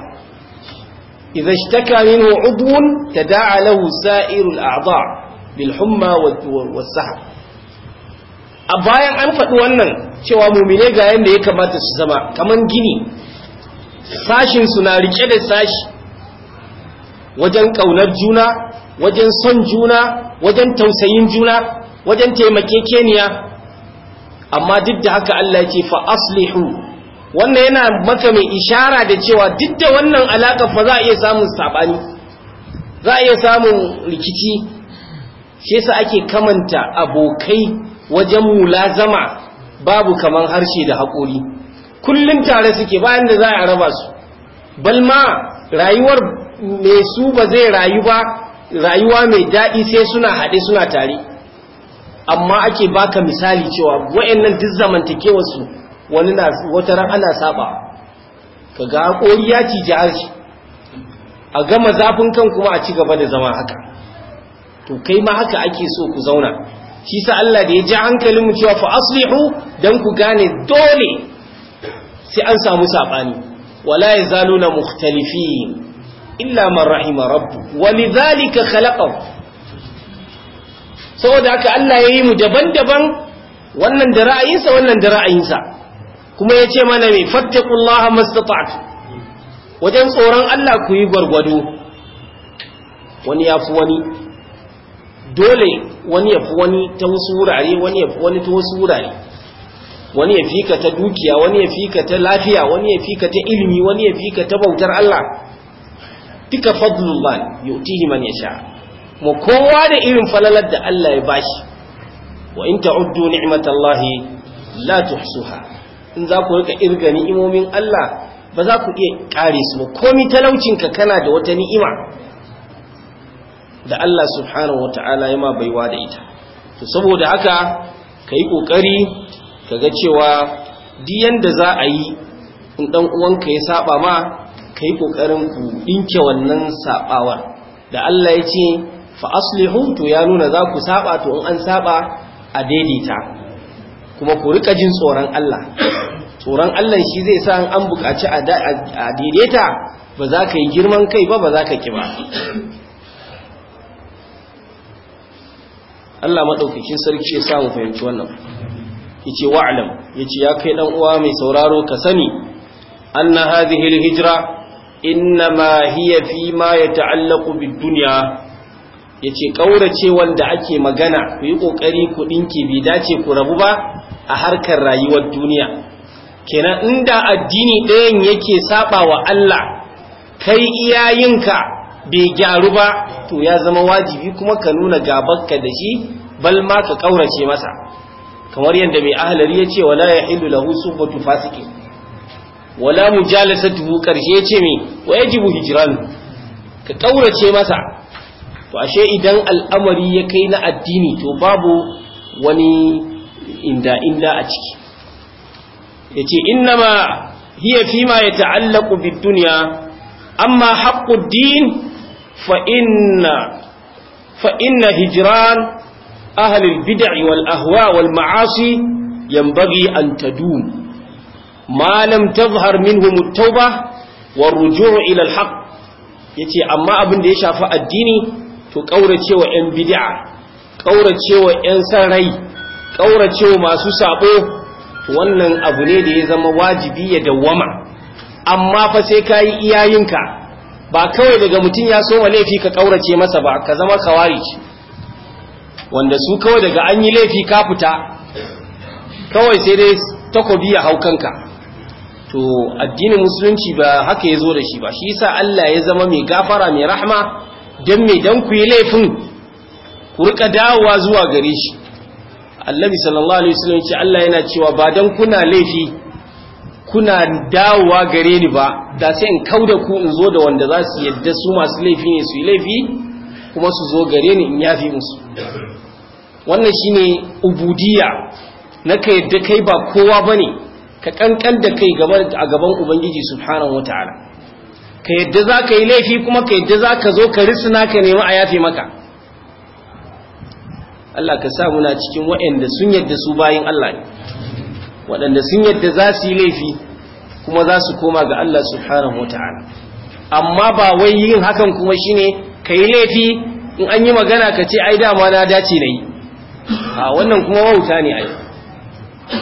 idza ishtaka minhu 'udwun tada'a lahu sa'irul a'dha' bil humma was a bayan an faɗi wannan cewa mumine ga yanda ya kamata su zama kaman gini sashin su na rike da sashi wajen ƙaunar juna wajen son juna wajen tausayin juna wajen taimakekeniya amma duk da haka Allah ce fa aslihu wannan yana maka mai ishara da cewa duk da wannan alaƙa fa za a iya samun saɓani za a iya samun rikici shi yasa ake kamanta abokai wajen mulazama babu kaman harshe da haƙori kullum tare suke bayan da za a raba su balma rayuwar mai su ba zai rayu ba rayuwa mai daɗi sai suna haɗe suna tare amma ake baka misali cewa wa'annan duk zamantakewarsu wani na wata ran ana saba ka ga ya ci jiharci a gama zafin kan kuma a ci gaba da zama haka to kai ma haka ake so ku zauna shi sa Allah da ya ji hankalinmu cewa fa aslihu dan ku gane dole sai an samu saɓani wala yazaluna mukhtalifin illa man rahima rabbu wa lidhalika khalaqahu saboda haka Allah yayi mu daban-daban wannan da ra'ayinsa wannan da ra'ayinsa kuma yace mana me fattaqullaha mastata'tu wajen tsoron Allah ku yi gwargwado wani yafi wani dole wani yafi wani ta wasu wurare wani yafi wani ta wasu wurare wani ya fika ta dukiya wani ya fika ta lafiya wani ya fika ta ilimi wani ya fika ta bautar Allah duka ya utihi man yasha mu kowa da irin falalar da Allah ya bashi wa in ta'uddu ni'matallahi la tuhsuha in za ku rika irga ni'imomin Allah ba za ku iya kare su ba komi ka kana da wata ni'ima da Allah subhanahu wata'ala ya ma baiwa da ita to saboda haka kai kokari kaga cewa duk yanda za a yi in dan uwanka ya saba ma ka yi ƙoƙarin ku ɗinke wannan saɓawar da Allah ya ce fa to ya nuna za ku saɓa to in an saɓa a daidaita kuma ku riƙa jin tsoron Allah tsoron Allah shi zai sa an buƙaci a daidaita ba za ka yi girman kai ba ba za ka ƙi ba Allah maɗaukakin sarki ya samu fahimci wannan Ya ce wa'alam, ya ce ya kai ɗan'uwa mai sauraro ka sani An na hajji hijira innama hiya fi ma ya ta'allaku dunya yace kaurace wanda ake magana ku yi kokari ku dinki bi dace ku rabu ba a harkar rayuwar duniya kenan inda addini ɗayan yake saba wa Allah kai iyayinka bai gyaru ba to ya zama wajibi kuma ka nuna gabanka da shi bal ma ka ƙaurace masa kamar yadda mai ahlari yace wala hilu lahu suhbatu ke. wala mujalasatuhu karshe ce me wa yajibu hijran ka kaurace masa to ashe idan al'amari ya kai na addini to babu wani inda inda a ciki yace innama hiya fima yata'allaqu bid-dunya amma haqqud din fa inna fa inna hijran ahli al-bid'i wal ahwa wal ma'asi yanbaghi an tadum ma lam tazhar minhum at-tauba war ruju' ila al-haq yace amma abin da ya shafi addini to kauracewa yan bid'a kauracewa yan san rai kauracewa masu sabo wannan abu ne da ya zama wajibi ya dawwama amma fa sai kai iyayinka ba kawai daga mutum ya so laifi ka kaurace masa ba ka zama khawarij wanda su kawai daga an yi laifi ka fita kawai sai dai takobi ya hau kanka to addinin musulunci ba haka ya zo da shi ba shi yasa Allah ya zama mai gafara mai rahma dan mai dan ku yi laifin ku rika dawowa zuwa gare shi Annabi sallallahu alaihi wasallam ce Allah yana cewa ba dan kuna laifi kuna dawowa gare ni ba da sai in kau da ku in zo da wanda za su yadda su masu laifi ne su yi laifi kuma su zo gare ni in yafi musu wannan shine ubudiyya naka yadda kai ba kowa bane ka kankan da kai a gaban ubangiji subhanahu wataala ka yadda za ka yi laifi kuma ka yadda za ka zo ka risina ka nema a yafe maka Allah ka sa muna cikin waɗanda sun yadda su bayin Allah ne waɗanda sun yadda za su yi laifi kuma za su koma ga Allah subhanahu wataala amma ba wai yin hakan kuma shine ka yi laifi in an yi magana ka ce ai dama na dace na yi a wannan kuma wauta ne ai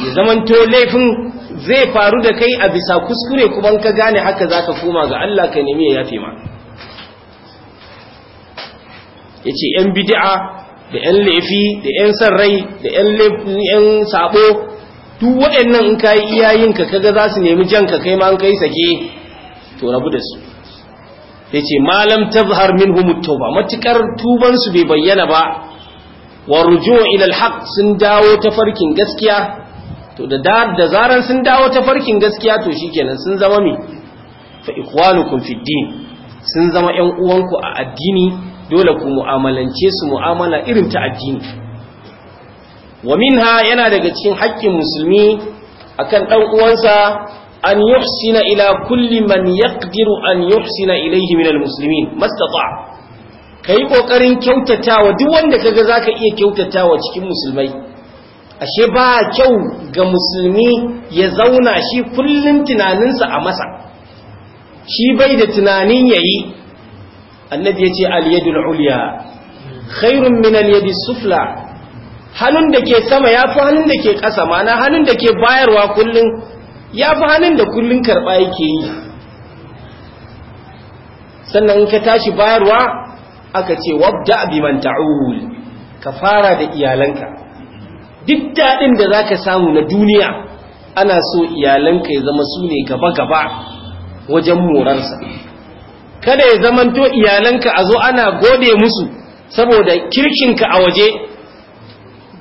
ya zamanto laifin zai faru da kai a bisa kuskure kuma ka gane haka za ka koma ga Allah ka nemi ya yafe ma yace yan bidi'a da yan laifi da yan san rai da yan sabo duk waɗannan in ka iyayen ka kaga za su nemi ka kai ma an kai sake to rabu da su yace malam ta tazhar min at-tauba matukar tuban su bai bayyana ba wa rujo ilal haq sun dawo ta farkin gaskiya to da da zaran sun dawo ta farkin gaskiya to shikenan sun zama mi fa ikhwanukum fi din sun zama ƴan uwanku a addini dole ku mu'amalance su mu'amala irin ta addini wa minha yana daga cikin haƙƙin musulmi akan dan uwansa an yuhsina ila kulli man yaqdiru an yuhsina ilayhi min almuslimin mastata kai kokarin kyautatawa duk wanda kaga zaka iya kyautatawa cikin musulmai ashe ba kyau ga musulmi ya zauna shi kullum tunaninsa a masa shi bai da tunanin ya yayi annabi yace ce yadul uliya khairun min al-yadi sufla hannun da ke sama ya fi hannun da ke ƙasa mana hannun da ke bayarwa kullum ya fi hannun da kullum karɓa yake yi sannan ka tashi bayarwa aka ce wabda bi man ta'ul ka fara da iyalanka duk daɗin da za ka samu na duniya ana so iyalanka ya zama su ne gaba-gaba wajen morarsa kada ya zamanto iyalanka a zo ana gode musu saboda kirkinka a waje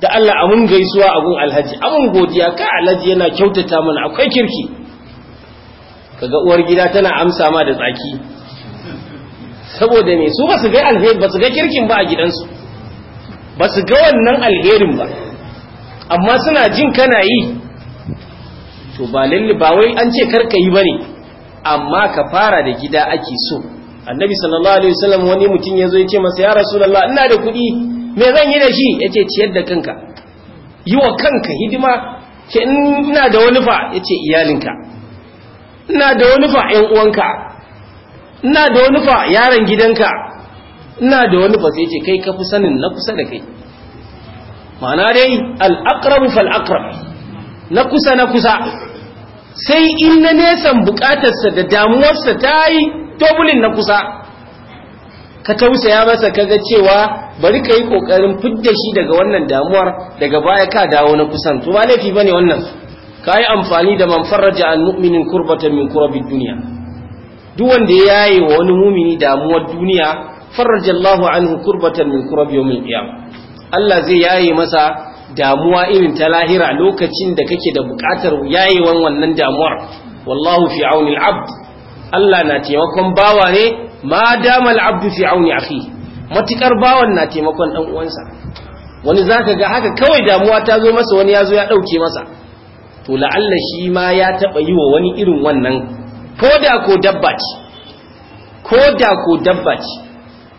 da Allah amun gaisuwa abun alhaji amun godiya ka alhaji yana kyautata mana akwai kirki kaga uwar gida tana amsa ma da tsaki saboda ne su ba su ga alheri ba su ga kirkin ba a gidansu ba su ga wannan alherin ba amma suna jin kana yi to ba lalle ba wai an ce karka yi bane amma ka fara da gida ake so annabi sallallahu alaihi wasallam wani mutum yazo ya ce masa ya rasulullah ina da kuɗi me zan yi da shi yace ciyar da kanka yi wa kanka hidima ke ina da wani fa yace iyalinka ina da wani fa ƴan uwanka ina da wani fa yaron gidanka ina da wani fa sai yace kai ka fi sanin na kusa da kai ma'ana dai al'akrabu fal'akrab na kusa na kusa sai in na nesan bukatarsa da damuwarsa ta yi tobulin na kusa ka tausaya masa kaga cewa bari ka yi ƙoƙarin fidda shi daga wannan damuwar daga baya ka dawo na kusan to ba laifi ba ne wannan ka yi amfani da man farraja an mu'minin kurbatan min kurabin duniya duk wanda ya yaye wa wani mumini damuwar duniya farraja Allahu anhu kurbatan min kurabi yawmin qiyamah Allah zai yaye masa damuwa irin ta lahira lokacin da kake da bukatar yayewan wannan damuwar wallahu fi auni al-abd Allah na taimakon bawa ne ma dama abdu fi auni akhi matukar bawan na taimakon dan uwansa wani zaka ga haka kawai damuwa ta zo masa wani yazo ya dauke masa to la'alla shi ma ya taba yi wa wani irin wannan ko da ko dabba ce ko da ko dabba ce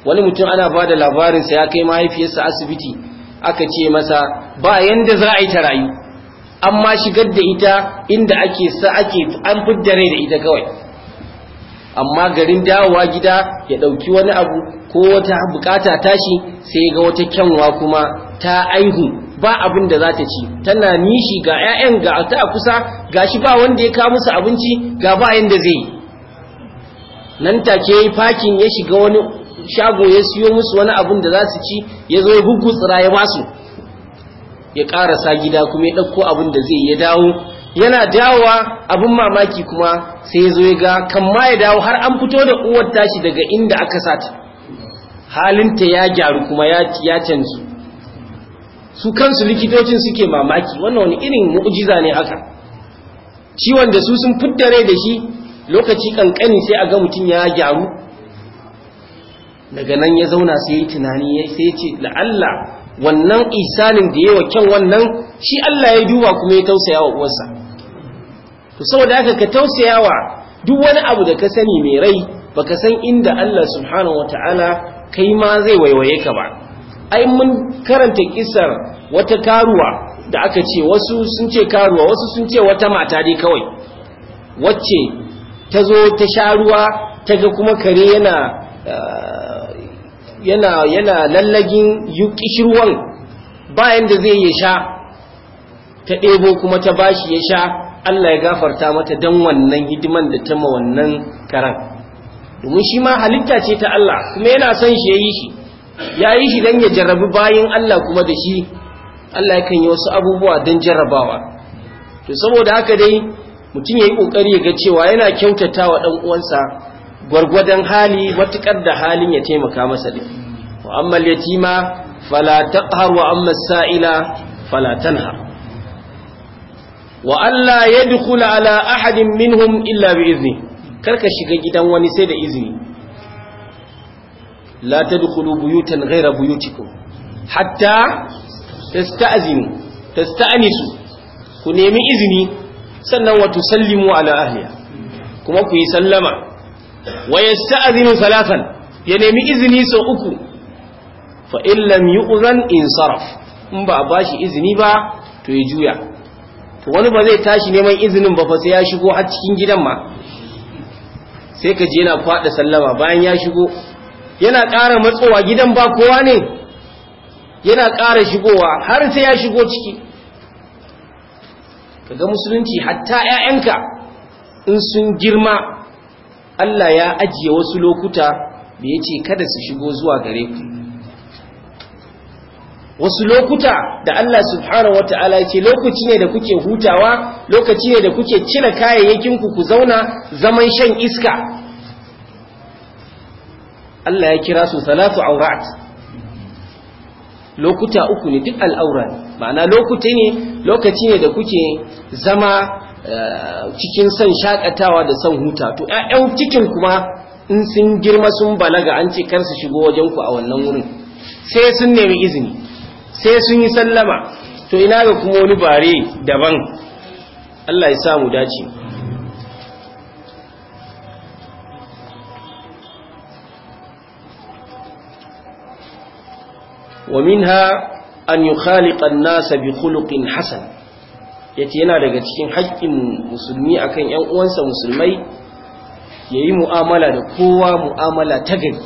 wani mutum ana ba da labarinsa ya kai mahaifiyarsa asibiti aka ce masa ba yanda za a yi ta rayu amma shigar da ita inda ake sa ake an fidda rai da ita kawai amma garin dawowa gida ya ɗauki wani abu ko wata bukata tashi sai ga wata kyanwa kuma ta aihu ba abin da za ta ci tana nishi ga 'ya'yan ga ta a kusa ga shi ba wanda ya kawo musu abinci ga ba yanda zai yi nan take ya yi fakin ya shiga wani shago ya siyo musu wani abun da za su ci ya zo ya tsira ya basu ya karasa gida kuma ya ɗauko abun da zai ya dawo yana dawowa abin mamaki kuma sai ya zo ya ga kamma ya dawo har an fito da uwar tashi daga inda aka sata halinta ya gyaru kuma ya canzu su kansu likitocin suke mamaki wannan wani irin mu'jiza ne haka ciwon da su sun fidda da shi lokaci kankani sai a ga mutum ya gyaru daga nan ya zauna sai yi tunani ya sai ce la'alla wannan isanin da yawa kyan wannan shi Allah ya duba kuma ya tausaya wa uwarsa to saboda haka ka tausaya wa duk wani abu da ka sani mai rai ba ka san inda Allah subhanahu wataala kai ma zai waiwaye ka ba ai mun karanta kisar wata karuwa da aka ce wasu sun ce karuwa wasu sun ce wata mata dai kawai wacce ta zo ta sha ruwa ta ga kuma kare yana yana yana lallagin yukishirwan bayan da zai ya sha ta ɗebo kuma ta bashi ya sha Allah ya gafarta mata don wannan hidiman da ta ma wannan karan domin shi ma halitta ce ta Allah kuma yana son shi ya yi shi ya yi shi don ya jarrabi bayan Allah kuma da shi Allah kan yi wasu abubuwa don jarrabawa to saboda haka dai mutum ya yi ƙoƙari ya ga cewa yana kyautata wa ɗan uwansa gwargwadon hali matukar da halin ya taimaka masa din wa amma yatima fala taqhar wa amma sa'ila fala tanhar wa alla yadkhul ala ahadin minhum illa bi izni karka shiga gidan wani sai da izini la tadkhulu buyutan ghayra buyutikum hatta tasta'zinu tasta'nisu ku nemi izini sannan wa tusallimu ala ahliha kuma ku yi sallama wa yasta'dhinu thalathan ya nemi izini sau uku fa in uzan in saraf. in ba a shi izini ba to ya juya to wani ba zai tashi neman izinin ba fa sai ya shigo har cikin gidan ma sai ka je yana kwaɗa sallama bayan ya shigo yana ƙara matsowa gidan ba kowa ne yana ƙara shigowa har sai ya shigo ciki Ka ga musulunci hatta 'ya'yanka in sun girma Allah ya ajiye wasu lokuta da ya ce kada su shigo zuwa gare ku wasu lokuta da Allah subhanahu wa ta'ala ya ce lokaci ne da kuke hutawa lokaci ne da kuke cire kayayyakinku ku zauna zaman shan iska Allah ya kira su salatu aurat lokuta uku ne duk al'aura ma'ana lokuta ne lokaci ne da kuke zama Eh, cikin son shakatawa da son huta to ƴaƴan cikin kuma in sun girma sun balaga an ce kar su shigo wajen ku a wannan wurin sai sun nemi izini sai sun yi sallama to ina ga kuma wani bare daban Allah ya samu dace Wa yukhaliqa an nasa bi khuluqin Hassan. yace yana daga cikin haƙƙin musulmi akan ƴan uwansa musulmai ya yi mu'amala da kowa mu'amala ta gari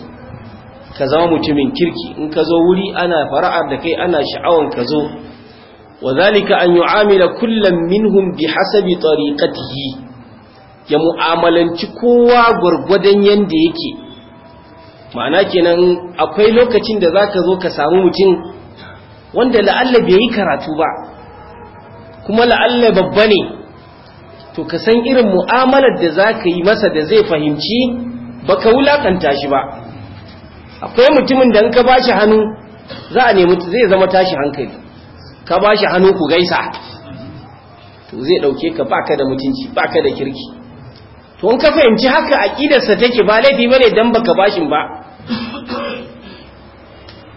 ka zama mutumin kirki in ka zo wuri ana fara'ar da kai ana sha'awan ka zo wa zalika an minhun kullum minhum bihasabi tariqatihi ya mu'amalanci kowa gwargwadon yanda yake ma'ana kenan akwai lokacin da za ka zo ka samu mutum wanda la'alla bai yi karatu ba kuma la'alla babba ne to ka san irin mu'amalar da za ka yi masa da zai fahimci ba ka wulakanta shi ba akwai mutumin da ka ba hannu za a nemi zai zama tashi hankali ka ba hannu ku gaisa to zai ɗauke ka baka da mutunci baka da kirki to in ka fahimci haka ƙidarsa take ba laifi ba ne don baka bashin ba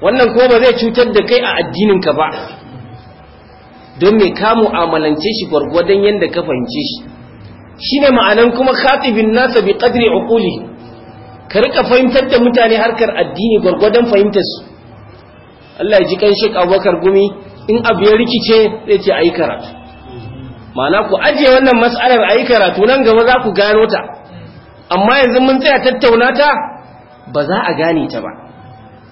wannan ko ba zai cutar da kai a addinin ka ba don mai ka mu'amalance shi gwargwadon yadda ka fahimce shi ne ma'anan kuma khatibin nasa bi qadri uquli ka rika fahimtar da mutane harkar addini gwargwadon fahimtar su Allah ya ji kan shek Abubakar Gumi in abu ya rikice zai ce a yi karatu ma'ana ku ajiye wannan matsalar a yi karatu nan gaba za ku gano ta amma yanzu mun tsaya tattauna ta ba za a gane ta ba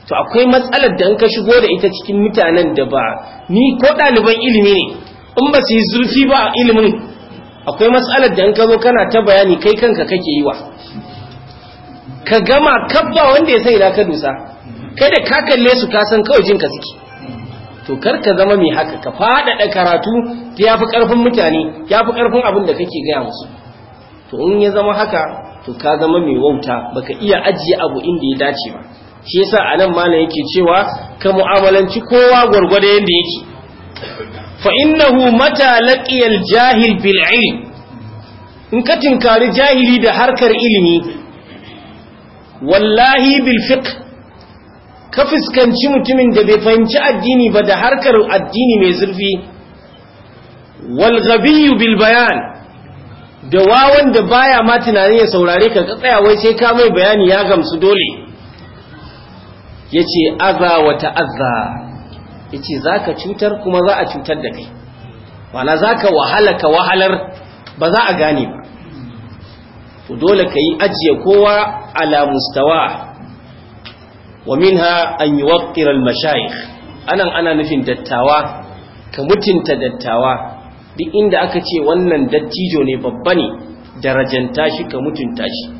to akwai matsalar da in ka shigo da ita cikin mutanen da ba ni ko ɗaliban ilimi ne in ba su yi zurfi ba a ilimin akwai matsalar da in ka zo kana ta bayani kai kanka kake yi wa ka gama kabba wanda ya sai ka dusa kai da ka kalle su ka san kawai jinka suke to kar ka zama mai haka ka faɗaɗa karatu ta ya fi ƙarfin mutane ya fi ƙarfin abin da kake gaya musu to in ya zama haka to ka zama mai wauta baka iya ajiye abu inda ya dace ba shi yasa anan malam yake cewa ka mu'amalanci kowa gwargwado yanda yake fa innahu mata laqiyal jahil bil ilm in ka tinkari jahili da harkar ilimi wallahi bil fiqh ka fuskanci mutumin da bai fahimci addini ba da harkar addini mai zurfi wal ghabiyyu bil bayan da wawan da baya ma tunanin ya saurare ka tsaya wai sai ka mai bayani ya gamsu dole yace aza wa ta'azza yace ka cutar kuma za a cutar da kai za zaka wahala ka wahalar ba za a gane ba to dole yi ajiye kowa ala mustawa wa minha an yi waƙirar mashayikh anan ana nufin dattawa ka mutunta dattawa duk inda aka ce wannan dattijo ne babba ne darajanta shi ka mutunta shi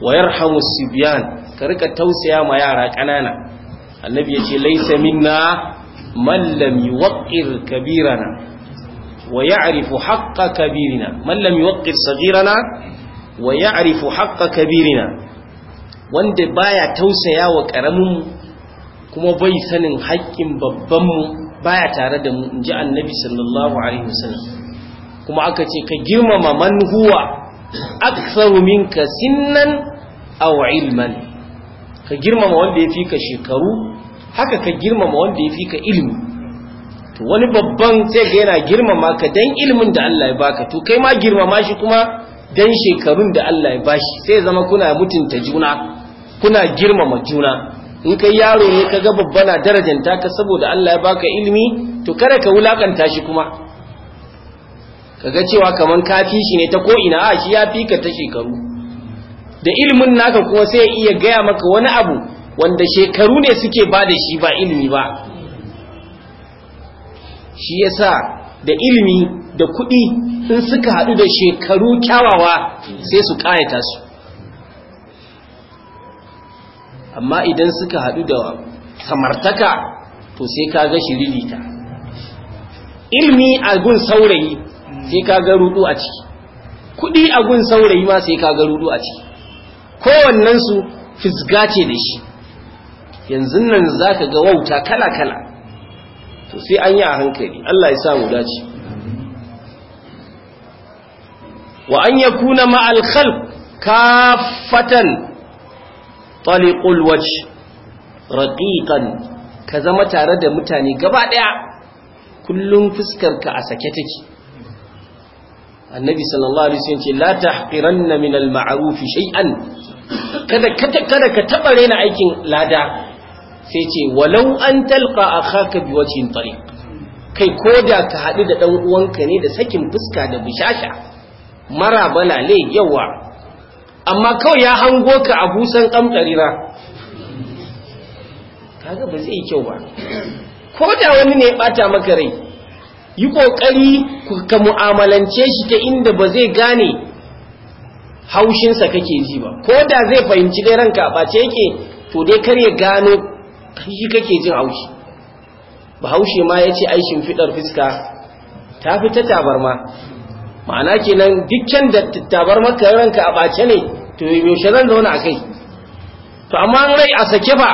wa yarhamu sibyan ka rika tausaya ma yara ƙanana annabi ya ce laisa minna man lam yuwaqqir kabirana wa ya'rifu haqqa kabirina man yuwaqqir saghirana wa ya'rifu haqqa kabirina wanda baya tausaya wa karamin kuma bai sanin haƙƙin babban mu baya tare da mu inji annabi sallallahu alaihi wasallam kuma aka ce ka girmama man huwa minka sinnan aw ilman ka girmama wanda ya fi ka shekaru haka ka girmama wanda ya fi ka ilimi to wani babban sai ga yana girmama ka dan ilimin da Allah ya baka to kai ma girmama shi kuma dan shekarun da Allah ya bashi sai zama kuna mutunta juna kuna girmama juna in kai yaro ne ka ga babba na darajanta ka saboda Allah ya baka ilimi to kada ka wulakanta shi kuma kaga cewa kaman kafi shi ne ta ko ina a shi ya fi ta shekaru da ilimin naka kuma sai iya gaya maka wani abu wanda shekaru ne suke ba da shi ba ilimi ba shi yasa da ilimi da kuɗi in suka haɗu da shekaru kyawawa sai su ƙayata su amma idan suka haɗu da samartaka to sai ka ga shiririta ilimi a gun saurayi sai ka ga rudu a ciki kuɗi a gun saurayi ma sai ka ga rudu a ciki kowannensu fisga ce da shi yanzu nan za ka ga wauta kala-kala to sai an yi a hankali Allah ya sa samu dace wa an ya kuna ma'alkhal kafatan taliqul waj raqiqan ka zama tare da mutane gaba ɗaya? kullum fuskar ka a sake take annabi sallallahu alaihi wasallam ce la tahqiranna min al-ma'ruf shay'an kada kada ka taba rena aikin lada sai ce walau an talqa akhaka bi wajhin tariq kai koda ka hadu da dan uwanka ne da sakin fuska da bishasha mara bana le yawa amma kawai ya hango ka a busan kamkarira kaga ba zai yi kyau ba Ko da wani ne ya bata maka rai yi ƙoƙari ka mu'amalance shi ta inda ba zai gane haushinsa kake ji ba ko da zai fahimci dai ranka a ɓace yake to dai kar ya gano shi kake jin haushi bahaushe ma ya ce aishin fidar fuska ta fi ta tabarma ma'ana kenan dukkan da tabarma ka ranka a ɓace ne to yaushe zan zauna a kai to amma rai a sake ba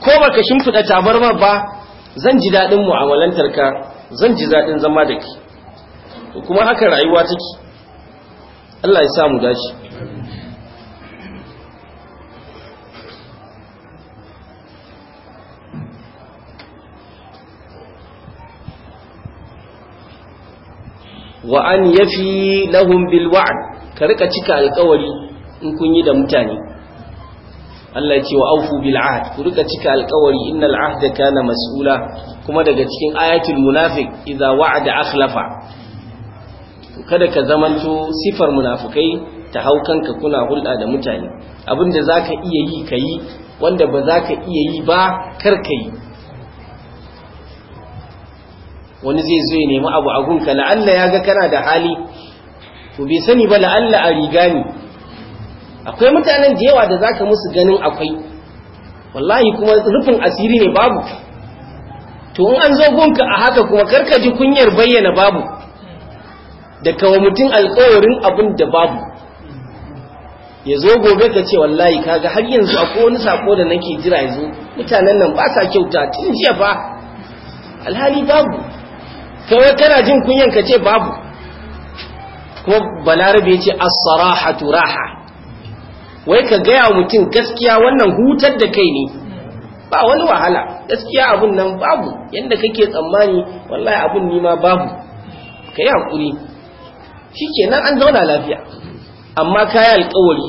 ko baka shimfiɗa tabarmar ba zan ji daɗin mu'amalantar ka zan ji zaɗin zama da ke, to kuma haka rayuwa take Allah ya samu dace wa an yafi lahum bil wa'd ka rika cika alƙawari in kun yi da mutane Allah ya ce wa aufu bil ahd ku rika cika alƙawari innal ahda kana mas'ula kuma daga cikin ayatul munafiq idza wa'ada akhlafa kada ka zamanto sifar munafikai ta hau kanka kuna hulɗa da mutane abinda zaka iya yi kayi wanda ba zaka iya yi ba kar kai wani zai zo ya nemi abu a gunka la'alla ya ga kana da hali to bai sani ba la'alla a riga ne akwai mutanen da yawa da zaka musu ganin akwai wallahi kuma rufin asiri ne babu to in an zo gunka a haka kuma karka ji kunyar bayyana babu da kawo mutum alkawarin abin da babu ya zo gobe ka ce wallahi kaga har yanzu akwai wani sako da nake jira yanzu mutanen nan ba sa kyauta tun jiya ba alhali babu kawai kana jin kunyan ka ce babu kuma balarabe ya ce as-sarahatu raha wai ka gaya mutum gaskiya wannan hutar da kai ne ba wani wahala gaskiya abun nan babu yadda kake tsammani wallahi abun nima babu ka yi haƙuri shi kenan an zauna lafiya amma ka yi alƙawari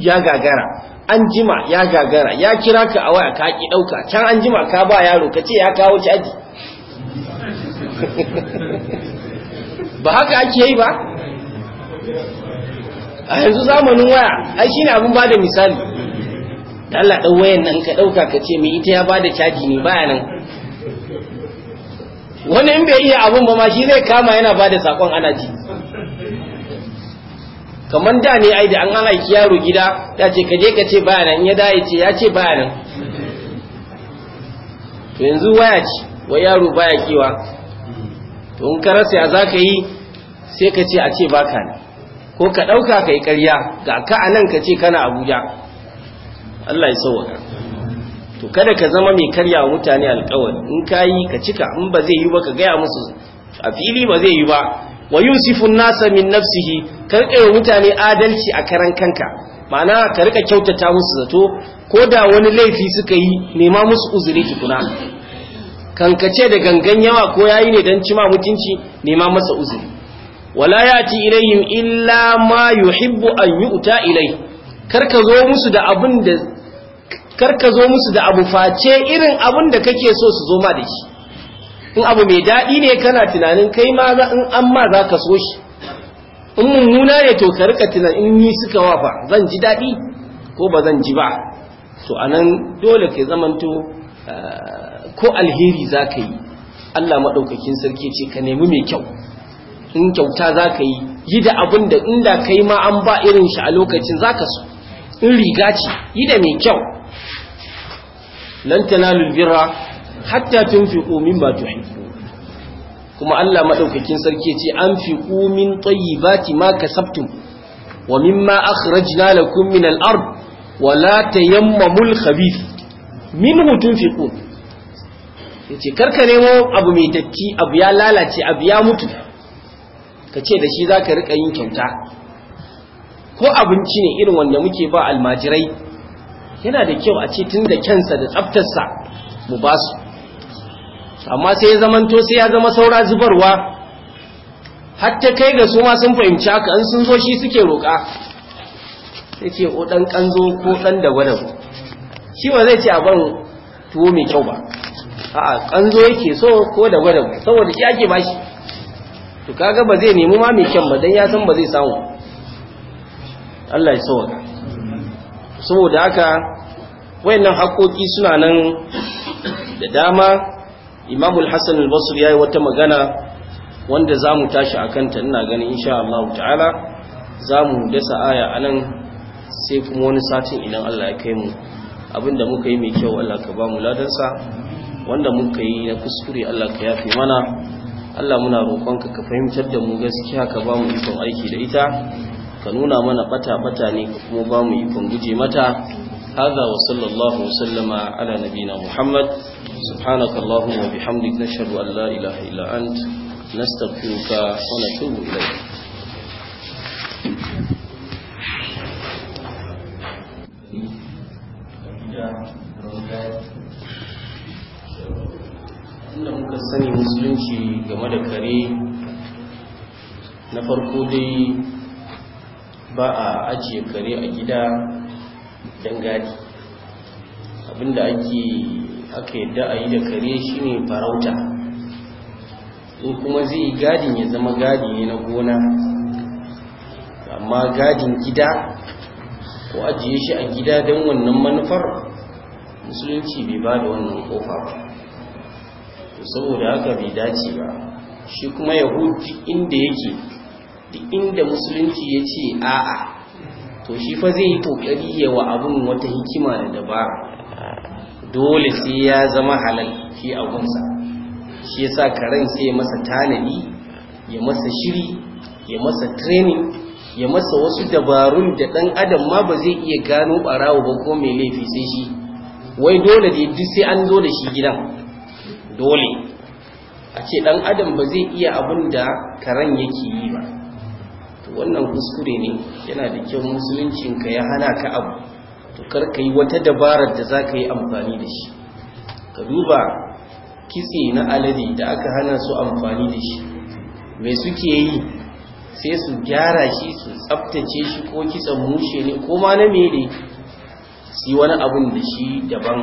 ya gagara an jima ya gagara ya kira ka a waya ka ki ɗauka can an jima ka ba yaro ka ce ya kawo caji ba haka ake yi ba a yanzu zamanin waya ai shine abin bada misali da Allah wayan nan ka ɗauka ka ce mai ita ya bada caji ne baya nan wani in bai iya abin ba ma shi zai kama yana bada sakon ana ji kamar da ne ai da an ana aiki yaro gida ya ce kaje ka ce baya nan ya da ce ya ce baya nan to yanzu waya ce wa yaro baya kewa to in ka rasa ya za ka yi sai ka ce a ce baka ne ko ka ɗauka ka yi ƙarya ga ka a nan ka ce kana abuja allah ya sauwa to kada ka zama mai karya wa mutane alkawari in ka yi ka cika in ba zai yi ba ka gaya musu a fili ba zai yi ba wa Yusufun nasa min nafsihi ka yi mutane adalci a karan kanka ma'ana ka riƙa kyautata musu zato ko da wani laifi suka yi nema musu uzuri tukuna kankace da gangan yawa ko yayi ne don cima mutunci nema masa uzuri wala ci ilayhim illa ma yuhibbu an yi ilai karka zo musu da karka zo musu da abu face irin abin da kake so su zo ma da shi in abu mai daɗi ne kana tunanin kai ma za in an ma za ka so shi in mummuna ne to ka rika tunanin in ni suka wa ba zan ji daɗi ko ba zan ji ba to anan dole ka zamanto eh, ko alheri za ka yi Allah maɗaukakin sarki ce ka nemi mai kyau in kyauta za ka yi yi da abin da inda kai ma an ba irin shi a lokacin za ka so in riga ce yi da mai kyau lan tanalul birra hatta tunfiqu ba tuhi kuma Allah maɗaukakin sarki ce an fi min ti ma ka kasabtum wa min ma mimma akhrajna lakum min al-ard wa la hutun fi minhu ya yace karka nemo abu mai datti abu ya lalace abu ya mutu ka ce da shi za ka riƙa yin kyauta ko abinci ne irin wanda muke ba almajirai yana da kyau a ce tun da kyansa da tsaftarsa mu ba su amma sai ya zamanto sai ya zama saura zubarwa hatta kai ga su ma sun fahimci haka an sun zo shi suke roƙa sai ce o ɗan ƙanzo ko ɗan da gwada shi ba zai ce a ban tuwo mai kyau ba a'a ƙanzo yake so ko da gwada saboda shi ake bashi to kaga ba zai nemi ma mai kyan ba dan ya san ba zai samu Allah ya sauka saboda haka wayannan hakoki suna nan da dama Imam al-Hasan al-Basri yayi wata magana wanda zamu tashi akan ta ina ganin insha Allah ta'ala zamu dasa aya anan sai kuma wani satin idan Allah ya kai mu abinda muka yi mai kyau Allah ka ba mu ladansa wanda muka yi na kuskure Allah ka yafe mana Allah muna roƙonka ka fahimtar da mu gaskiya ka ba mu ikon aiki da ita ka nuna mana bata-bata ne ka kuma ba mu ikon guje mata هذا وصلى الله وسلم على نبينا محمد سبحانك اللهم وبحمدك نشهد أن لا إله إلا أنت نستغفرك ونتوب إليك sani musulunci game da kare na farko dai ba a ajiye kare a gida don gadi abinda ake aka yadda a yi da kare shine farauta in kuma zai yi gadin ya zama gadi ne na gona amma gadin gida ko ajiye shi a gida don wannan manufar musulunci bai ba da wannan kofa ba to saboda haka bai dace ba shi kuma yahudi inda yake duk inda musulunci ya ce a'a to shi fa zai yi kokari yawa wa abin wata hikima da dabara dole sai ya zama halal shi abunsa shi yasa karen sai ya masa tanadi ya masa shiri ya masa training ya masa wasu dabarun da dan adam ma ba zai iya gano barawo ba ko mai laifi sai shi wai dole da yadda sai an zo da shi gidan dole a ce dan adam ba zai iya abin da karen yake yi ba to wannan kuskure ne yana da kyau musuluncinka ya hana ka abu to kar ka yi wata dabarar da za ka yi amfani da shi ka duba kitse na alade da aka hana su amfani da shi mai suke yi sai su gyara shi su tsabtace shi ko kitsan mushe ne ko ma na mere su yi wani abin da shi daban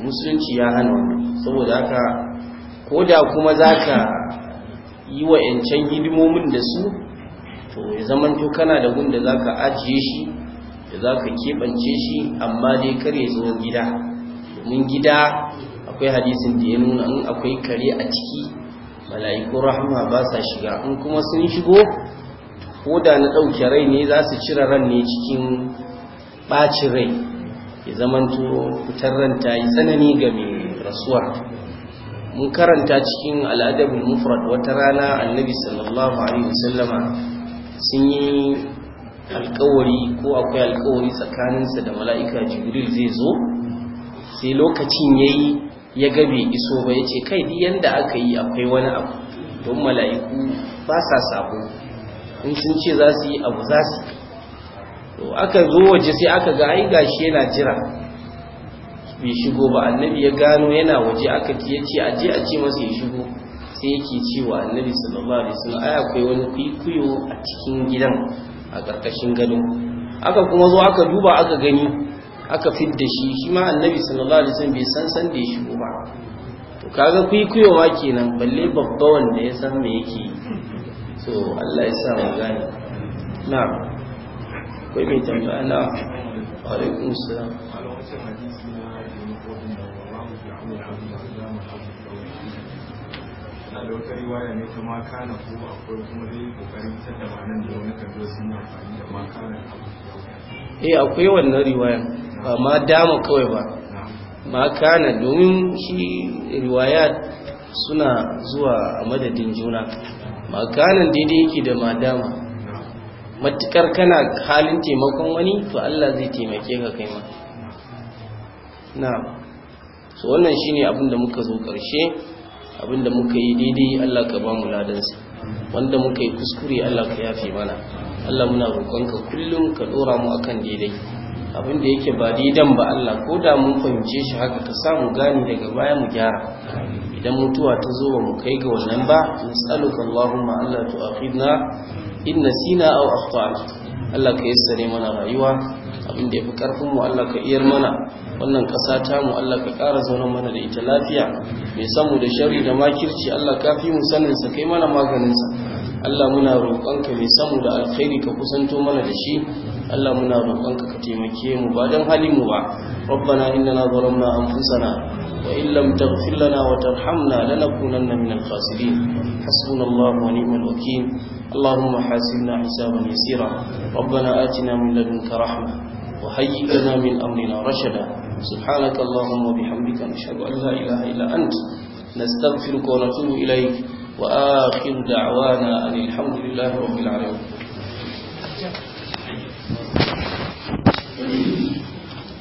musulunci ya hana wannan saboda haka ko da kuma za ka yi wa 'yancan hidimomin da su to ya zamanto kana da gun za ka ajiye shi da za ka keɓance shi amma dai kar ya gida domin gida akwai hadisin da ya nuna in akwai kare a ciki mala'iku rahama ba sa shiga in kuma sun shigo ko da na ɗauke rai ne za su cire ran ne cikin ɓacin rai ya zamanto fitar ran ta yi tsanani ga mai rasuwa mun karanta cikin al'adabin mufrad wata rana annabi sallallahu alaihi wasallama sun yi alkawari ko akwai alkawari tsakaninsa da mala'ika jibril zai zo sai lokacin yayi ya ga bai iso ba ya ce kai duk yanda aka yi akwai wani abu don mala'iku ba sa sabo in sun ce za su yi abu za su to aka zo waje sai aka ga ai gashi yana jira bai shigo ba annabi ya gano yana waje aka ya ce aje a ce masa ya shigo sai yake cewa annabi sallallahu alaihi wasallam ai akwai wani kwikwiyo a cikin gidan a ƙarƙashin gado aka kuma zo aka duba aka gani aka fidda shi shi ma annabi sallallahu alaihi wasallam bai san san da ya shigo ba to kaga kwikwiyo ma kenan balle babba wanda ya san me yake so Allah ya sa mu gane na'am akwai mai tambaya na alaikum salam a da wata riwaya ne ta makana ko akwai kuma dai kokarin ta da manan da wani kajo sun yi amfani da makana eh akwai wannan riwaya ba ma dama kawai ba makana domin shi riwaya suna zuwa a madadin juna makanan daidai yake da madama matukar kana halin taimakon wani to Allah zai taimake ka kai ma na so wannan shine abin da muka zo karshe abinda muka yi daidai Allah ka ba mu ladansa wanda muka yi kuskure Allah ka yafe mana Allah muna roƙonka kullum ka dora mu akan daidai abinda yake ba daidan ba Allah ko da mun fahimce shi haka ka samu gani daga baya mu gyara idan mutuwa ta zo ba mu kai ga wannan ba nas'aluka Allahumma Allah tu'akhidna in nasina aw akhtana Allah ka yassare mana rayuwa abin da ya fi ƙarfinmu Allah ka iyar mana wannan kasa ta mu Allah ka ƙara zaunan mana da ita lafiya mai samu da shari da makirci Allah ka fi mu sa kai mana sa Allah muna roƙonka mai samu da alkhairi ka kusanto mana da shi Allah muna roƙonka ka taimake mu ba don mu ba rabbana innana zalamna anfusana wa in lam taghfir lana wa tarhamna lanakunanna minal khasirin hasbunallahu wa ni'mal wakeel اللهم حاسبنا حسابا يسيرا ربنا آتنا من لدنك رحمة وهيئ لنا من أمرنا رشدا سبحانك اللهم وبحمدك نشهد أن لا إله إلا أنت نستغفرك ونتوب إليك وآخر دعوانا أن الحمد لله رب العالمين